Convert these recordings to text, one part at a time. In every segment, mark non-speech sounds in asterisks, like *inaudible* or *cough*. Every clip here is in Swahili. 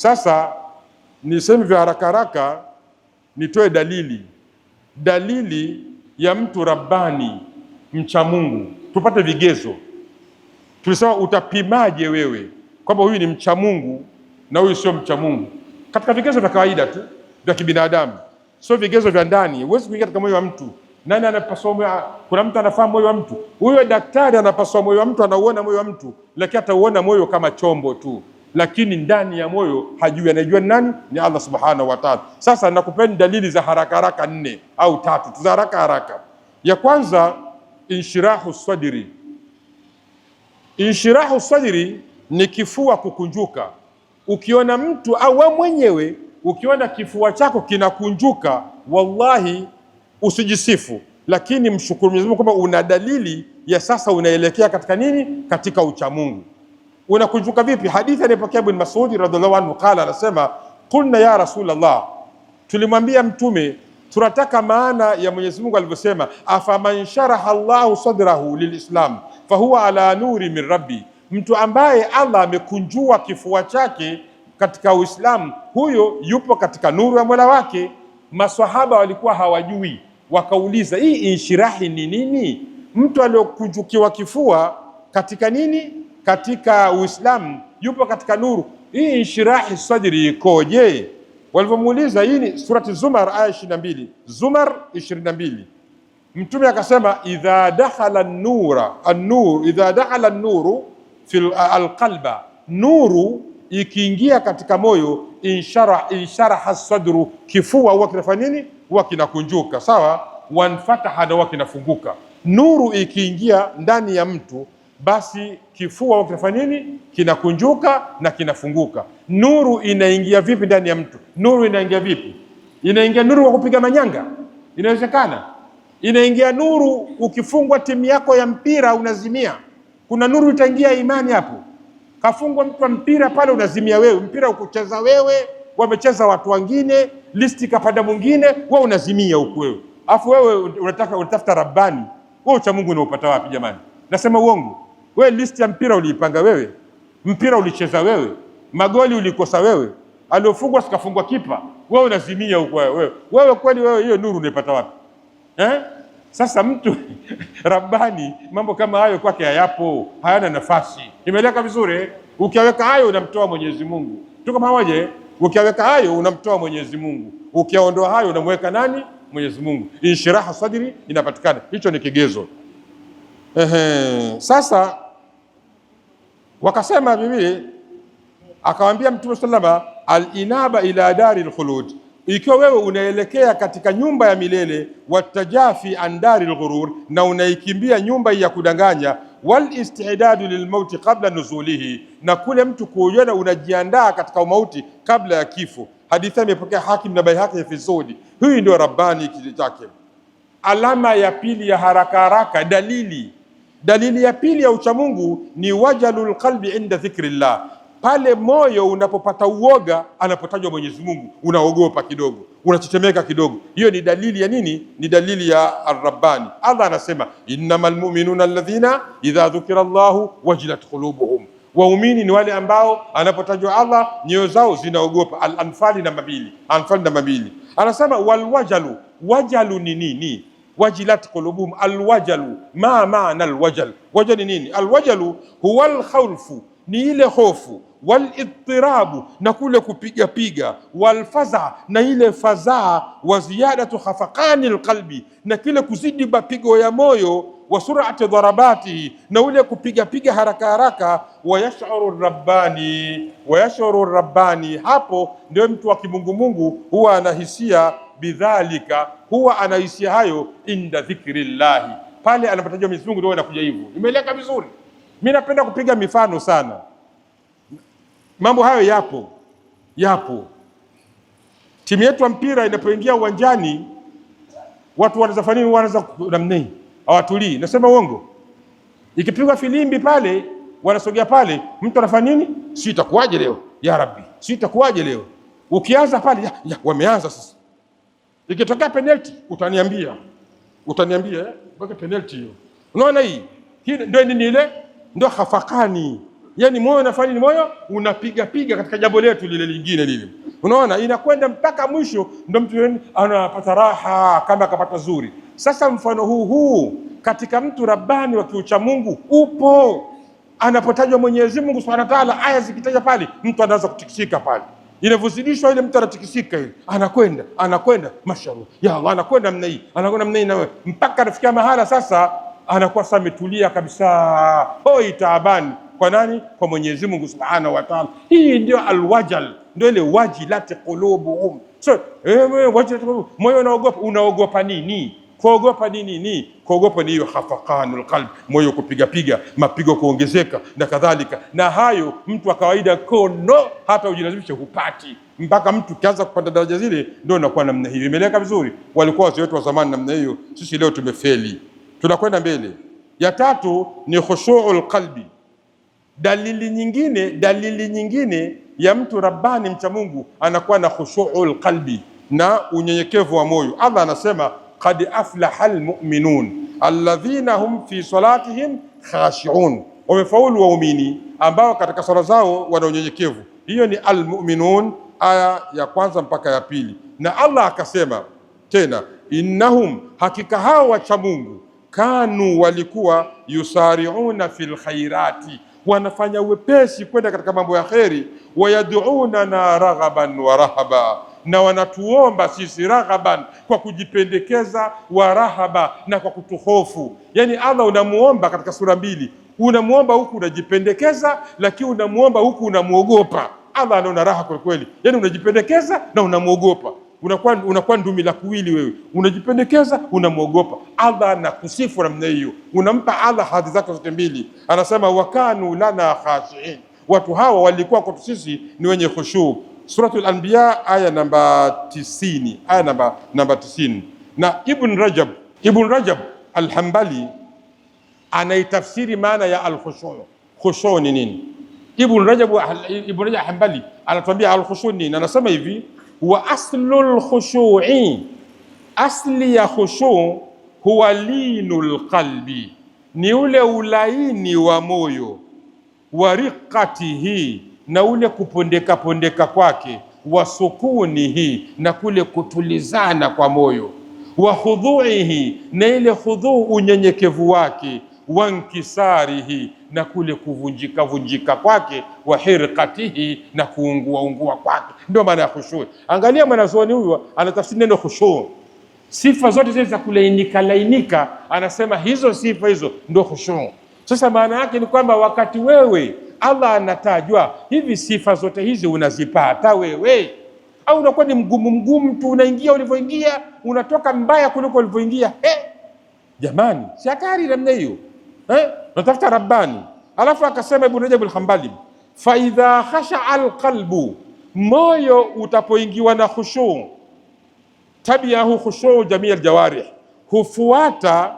Sasa niseme vya haraka haraka, nitoe dalili dalili ya mtu rabbani mcha Mungu, tupate vigezo. Tulisema utapimaje wewe kwamba huyu ni mcha Mungu na huyu sio mcha Mungu? Katika vigezo vya kawaida tu vya kibinadamu, sio vigezo vya ndani. Huwezi kuingia katika moyo wa mtu. Nani anapaswa moyo? Kuna mtu anafahamu moyo wa mtu? Huyo daktari anapaswa moyo wa mtu, anauona moyo wa mtu, lakini atauona moyo kama chombo tu lakini ndani ya moyo hajui. Anajua ni nani? Ni Allah subhanahu wa ta'ala. Sasa nakupeni dalili za haraka haraka nne au tatu za haraka haraka. Ya kwanza, inshirahu sadri. Inshirahu sadri ni kifua kukunjuka. Ukiona mtu au wewe mwenyewe ukiona kifua chako kinakunjuka, wallahi usijisifu, lakini mshukuru Mwenyezi Mungu kwamba una dalili ya sasa unaelekea katika nini? Katika uchamungu unakuvuka vipi? Hadithi anayepokea Ibn Mas'ud radhiallahu anhu qala, anasema qulna ya Rasulullah, tulimwambia Mtume tunataka maana ya Mwenyezi Mungu alivyosema, afaman sharaha Allahu sadrahu lilislam fahuwa ala nuri min rabbi, mtu ambaye Allah amekunjua kifua chake katika Uislamu, huyo yupo katika nuru ya Mola wake. Maswahaba walikuwa hawajui, wakauliza hii inshirahi ni nini? Mtu aliyokunjukiwa kifua katika nini katika Uislamu, yupo katika nuru hii. Inshirahi sadri ikoje? Walivyomuuliza, hii ni surati Zumar aya 22, Zumar 22, Mtume akasema idha dakhala an-nura an-nur idha dakhala an-nuru fi al-qalba, nuru ikiingia katika moyo, inshara insharaha sadru, kifua huwa kinafanya nini? Huwa kinakunjuka, sawa. Wanfataha, na huwa kinafunguka. Nuru ikiingia ndani ya mtu basi kifua kinafanya nini? Kinakunjuka na kinafunguka. Nuru inaingia vipi ndani ya mtu? Nuru inaingia vipi? Inaingia nuru kwa kupiga manyanga? Inawezekana? Inaingia nuru ukifungwa timu yako ya mpira unazimia, kuna nuru itaingia imani hapo. Kafungwa mtu mpira pale, unazimia wewe, mpira ukucheza wewe, wamecheza watu wengine, listi kapanda mwingine, wewe unazimia huku wewe, afu wewe unataka unatafuta rabbani, wewe ucha Mungu unaupata wapi jamani? Nasema uongo? We list ya mpira uliipanga wewe, mpira ulicheza wewe, magoli ulikosa wewe, aliofungwa sikafungwa kipa wewe, unazimia huko wewe. Wewe kweli wewe, hiyo nuru unaipata wapi eh? Sasa mtu *laughs* Rabbani, mambo kama hayo kwake hayapo, hayana nafasi. Imeleka vizuri. Eh? Ukiaweka hayo unamtoa Mwenyezi Mungu, tuko pamoja. Eh? Ukiaweka hayo unamtoa Mwenyezi Mungu, ukiaondoa hayo unamweka nani? Mwenyezi Mungu. Inshiraha sadri inapatikana, hicho ni kigezo. Ehe, sasa wakasema bibi akamwambia Mtume salama alinaba ila dari lkhulud, ikiwa wewe unaelekea katika nyumba ya milele watajafi an dari lghurur, na unaikimbia nyumba ya kudanganya walistidadu lilmauti qabla nuzulihi, na kule mtu kuuona unajiandaa katika umauti kabla ya kifo. Hadithi imepokea Hakim na Baihaqi fi Zuhd. Huyu ndio Rabbani kile chake. Alama ya pili ya haraka haraka, dalili Dalili ya pili ya uchamungu ni wajalu lqalbi inda dhikrillah, pale moyo unapopata uoga anapotajwa Mwenyezi Mungu unaogopa kidogo, unachechemeka kidogo. Hiyo ni dalili ya nini? Ni dalili ya Arrabbani. Allah anasema innamal mu'minuna alladhina idha dhukira llahu wajilat qulubuhum Waumini ni wale ambao anapotajwa Allah nyoyo zao zinaogopa. al anfal namba mbili, Anfal namba mbili anasema walwajalu, wajalu ni nini? wajilat qulubuhum alwajalu. Ma maana alwajal? Wajal ni nini? Alwajalu huwa alkhawfu, ni ile hofu, walidtirabu, na kule kupigapiga, walfazaa, na ile fadhaa, wa ziyadatu khafaqani alqalbi, na kile kuzidi mapigo ya moyo wa surati dharabatihi, na ule kupigapiga haraka haraka. Wayashuru rabbani, wayashuru rabbani, hapo ndio mtu wa kimungumungu huwa anahisia bidhalika, huwa anaishia hayo inda dhikri llahi, pale anapotajwa Mwenyezi Mungu ndio inakuja hivyo. Imeeleka vizuri. Mimi napenda kupiga mifano sana, mambo hayo yapo yapo. Timu yetu ya mpira inapoingia uwanjani, watu wanazafanya nini? Wanaanza namna hii, hawatulii. Nasema uongo? Ikipigwa filimbi pale wanasogea pale, mtu anafanya nini? Si itakuwaje leo ya Rabbi, si itakuwaje leo? Ukianza pale ya, ya, wameanza sasa Ikitokea penalty utaniambia, utaniambia baka eh? penalty hiyo. Unaona hii hii ndio nini ile ndio hafakani, yaani moyo unafanya ni moyo unapiga piga katika jambo letu lile lingine lile, unaona inakwenda mpaka mwisho, ndio mtu yaani anapata raha kama akapata zuri. Sasa mfano huu huu katika mtu rabbani wa kiucha Mungu upo, anapotajwa Mwenyezi Mungu Subhanahu wa Ta'ala, aya zikitaja pale mtu anaanza kutikisika pale inavyozidishwa ile mtu anatikisika, ile anakwenda anakwenda, mashallah ya Allah, anakwenda mna hii anakwenda mna hii na wewe, mpaka anafikia mahala sasa anakuwa sasa ametulia kabisa, hoi taabani. Kwa nani? Kwa Mwenyezi Mungu Subhanahu wa Ta'ala. Hii ndio alwajal, ndio ile wajilat qulubuhum. So eh, moyo unaogopa, unaogopa nini? Kuogopa nini? Ni kuogopa ni hiyo hafakanul qalb, moyo kupigapiga, mapigo kuongezeka na kadhalika. Na hayo mtu wa kawaida kono, hata ujilazimishe hupati, mpaka mtu ukianza kupanda daraja zile, ndio inakuwa namna hiyo. Imeleka vizuri, walikuwa wazee wetu wa zamani namna hiyo. Sisi leo tumefeli, tunakwenda mbele. Ya tatu ni khushuul qalbi. Dalili nyingine, dalili nyingine ya mtu rabbani mcha Mungu anakuwa na khushuul qalbi, na unyenyekevu wa moyo. Allah anasema qad aflaha almu'minun alladhina hum fi salatihim khashi'un, wamefaulu waumini ambao katika sala zao wana unyenyekevu. Hiyo ni almu'minun, aya ya kwanza mpaka ya pili. Na Allah akasema tena, innahum, hakika hao wacha Mungu, kanu, walikuwa yusari'una fil khairati, wanafanya wepesi kwenda katika mambo ya kheri, wayadunana na raghaban wa rahaba na wanatuomba sisi raghaban, kwa kujipendekeza, wa rahaba, na kwa kutuhofu. Yani Allah unamuomba katika sura mbili, unamuomba huku unajipendekeza, lakini unamuomba huku unamwogopa. Allah anaona raha kwelikweli kweli, yani unajipendekeza na unamwogopa unakuwa unakuwa ndumi la kuwili wewe, unajipendekeza unamwogopa Allah na kusifu namna hiyo, unampa Allah hadhi zake zote mbili. Anasema wakanu lana khashiin, watu hawa walikuwa kwetu sisi ni wenye khushuu Suratul Anbiya aya namba tisini, aya namba, namba tisini. Na Ibn Rajab, Ibn Rajab Al-Hambali anaitafsiri maana ya al-khushu'. Khushu' ni nini? Ibn Rajab Ibn Rajab Hambali anatuambia al nini? Anasema hivi, wa aslul khushu'i, asli ya khushu' huwa linul qalbi, ni ule ulaini wa moyo, wa riqatihi na ule kupondeka pondeka kwake, wa sukunihi, na kule kutulizana kwa moyo, wa khudhuihi, na ile khudhuu unyenyekevu wake, wa nkisarihi, na kule kuvunjika vunjika kwake, wa hirqatihi, na kuungua ungua kwake. Ndio maana ya khushu. Angalia mwanazuoni huyu anatafsiri neno khushu sifa zote zile za kulainika lainika, anasema hizo sifa hizo ndio khushu. Sasa maana yake ni kwamba wakati wewe Allah anatajwa. Hivi sifa zote hizi unazipata wewe au unakuwa ni mgumu mgumu tu, unaingia ulivyoingia, unatoka mbaya kuliko ulivyoingia? Eh, jamani, si hatari namna hiyo eh? Natafuta Rabbani. Alafu akasema Ibn Rajab al-Hanbali, fa idha khasha al-qalbu, moyo utapoingiwa na khushu, tabiahu khushu jamii al-jawarih, hufuata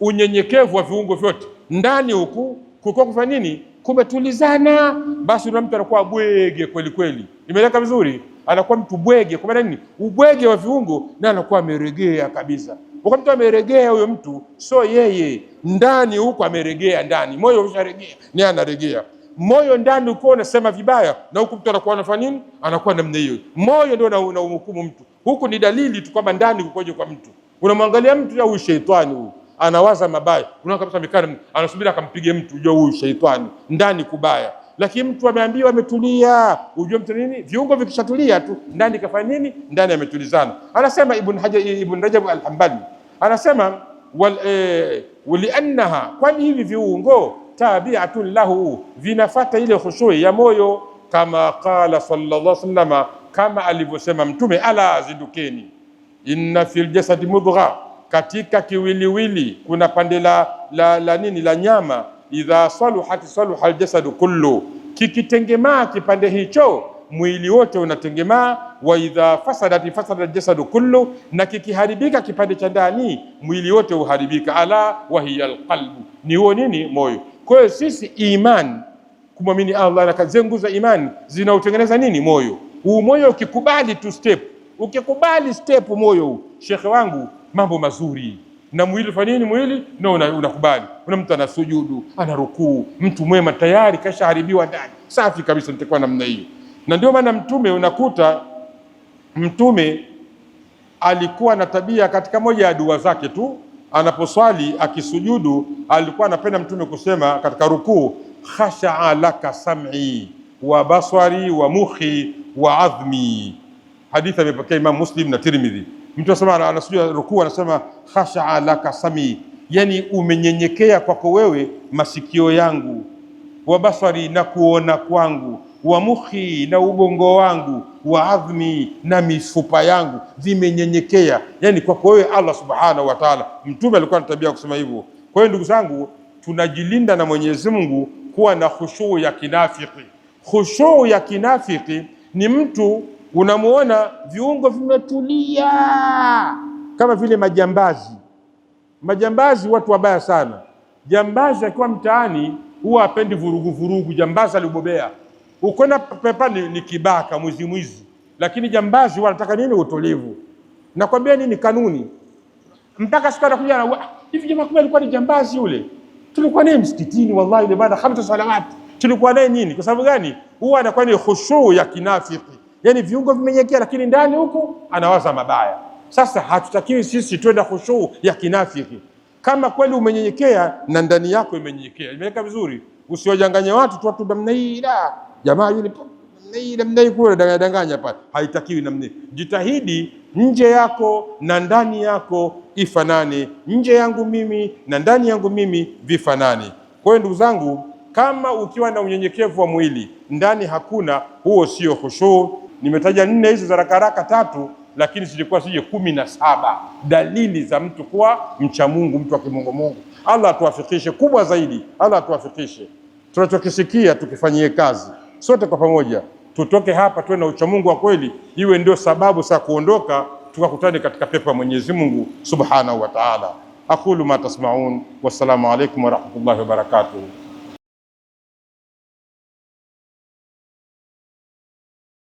unyenyekevu wa viungo vyote. Ndani huku kuko kufanya nini? kumetulizana, basi una mtu anakuwa bwege kweli kweli. Nimeleka vizuri, anakuwa mtu bwege. Kwa maana nini? Ubwege wa viungo na anakuwa ameregea kabisa. Kwa mtu ameregea, huyo mtu so yeye ndani huko ameregea, ndani moyo usharegea, ni anaregea moyo ndani uko unasema vibaya, na huku mtu anakuwa anafanya nini? Anakuwa namna hiyo. Moyo ndio unahukumu mtu, huku ni dalili tu kwamba ndani kukoje kwa mtu. Unamwangalia mtu au shetani huyu anawaza mabaya. Unaona kabisa amekaa anasubiri akampige mtu, ujue huyu sheitani ndani kubaya. Lakini mtu ameambiwa ametulia, ujue mtu nini, viungo vikishatulia tu ndani kafanya nini, ndani ametulizana. Anasema Ibn Hajar, Ibn Rajab al-Hanbali anasema wal, e, eh, liannaha, kwani hivi viungo tabiatun lahu, vinafata ile khushui ya moyo, kama qala sallallahu alaihi wasallam, kama alivyosema Mtume, ala zindukeni, inna fil jasadi mudghah katika kiwiliwili kuna pande la, la, la nini la nyama, idha saluhat saluha aljasadu kullu, kikitengemaa kipande hicho mwili wote unatengemaa. Wa idha fasadat fasada aljasadu kullu, na kikiharibika kipande cha ndani mwili wote uharibika. Ala wa hiya alqalbu, ni huo nini? Moyo. Kwa hiyo sisi iman kumwamini Allah na kazi za imani zinautengeneza nini? Moyo. Huu moyo ukikubali tu step, ukikubali step moyo huu, shekhe wangu mambo mazuri na mwili fanya nini? Mwili na unakubali, una mtu ana sujudu ana rukuu, mtu mwema tayari kashaharibiwa ndani, safi kabisa, nitakuwa namna hiyo. Na ndio maana Mtume unakuta Mtume alikuwa na tabia katika moja ya dua zake tu, anaposwali akisujudu, alikuwa anapenda Mtume kusema katika rukuu, khashaa laka sam'i wa baswari wa muhi wa adhmi. Hadithi amepokea Imam Muslim na Tirmidhi. Mtu anasema anasujud rukuu, anasema khashaa laka sami, yani umenyenyekea kwako wewe masikio yangu, wa basari na kuona kwangu, wa mukhi na ubongo wangu, wa adhmi na mifupa yangu zimenyenyekea yani kwako wewe Allah subhanahu wa taala. Mtume alikuwa na tabia kusema hivyo. Kwa hiyo ndugu zangu, tunajilinda na Mwenyezi Mungu kuwa na khushuu ya kinafiki. Khushuu ya kinafiki ni mtu unamuona viungo vimetulia kama vile majambazi. Majambazi watu wabaya sana. Jambazi akiwa mtaani huwa apendi vurugu vurugu. Jambazi alibobea, ukwenda pepa ni kibaka mwizi mwizi, lakini jambazi wanataka nini? Utulivu. Nakwambia nini, kanuni mpaka siku anakuja hivi, jamaa kumbe alikuwa ni jambazi yule, tulikuwa naye msikitini, wallahi, ile baada salawati tulikuwa naye nini. Kwa sababu gani? Huwa anakuwa ni khushuu ya kinafiki yani viungo vimenyekea, lakini ndani huku anawaza mabaya. Sasa hatutakiwi sisi twenda khushuu ya kinafiki. Kama kweli umenyenyekea na ndani yako imenyenyekea, imeweka vizuri, usiwajanganye watu tu, namna hii la jamaa yule danganya pale, haitakiwi namna. Jitahidi nje yako na ndani yako ifanane, nje yangu mimi na ndani yangu mimi vifanane. Kwa hiyo ndugu zangu, kama ukiwa na unyenyekevu wa mwili ndani hakuna, huo sio khushuu. Nimetaja nne hizo za haraka haraka tatu, lakini zilikuwa sije kumi na saba dalili za mtu kuwa mcha Mungu, mtu wa kimungu Mungu. Allah atuwafikishe kubwa zaidi, Allah atuwafikishe. Tunachokisikia tukifanyie kazi sote kwa pamoja, tutoke hapa tuwe na uchamungu wa kweli, iwe ndio sababu za kuondoka tukakutane katika pepo ya Mwenyezi Mungu Subhanahu wa Ta'ala. Aqulu ma tasmaun, wassalamu alaykum wa rahmatullahi wa barakatuh.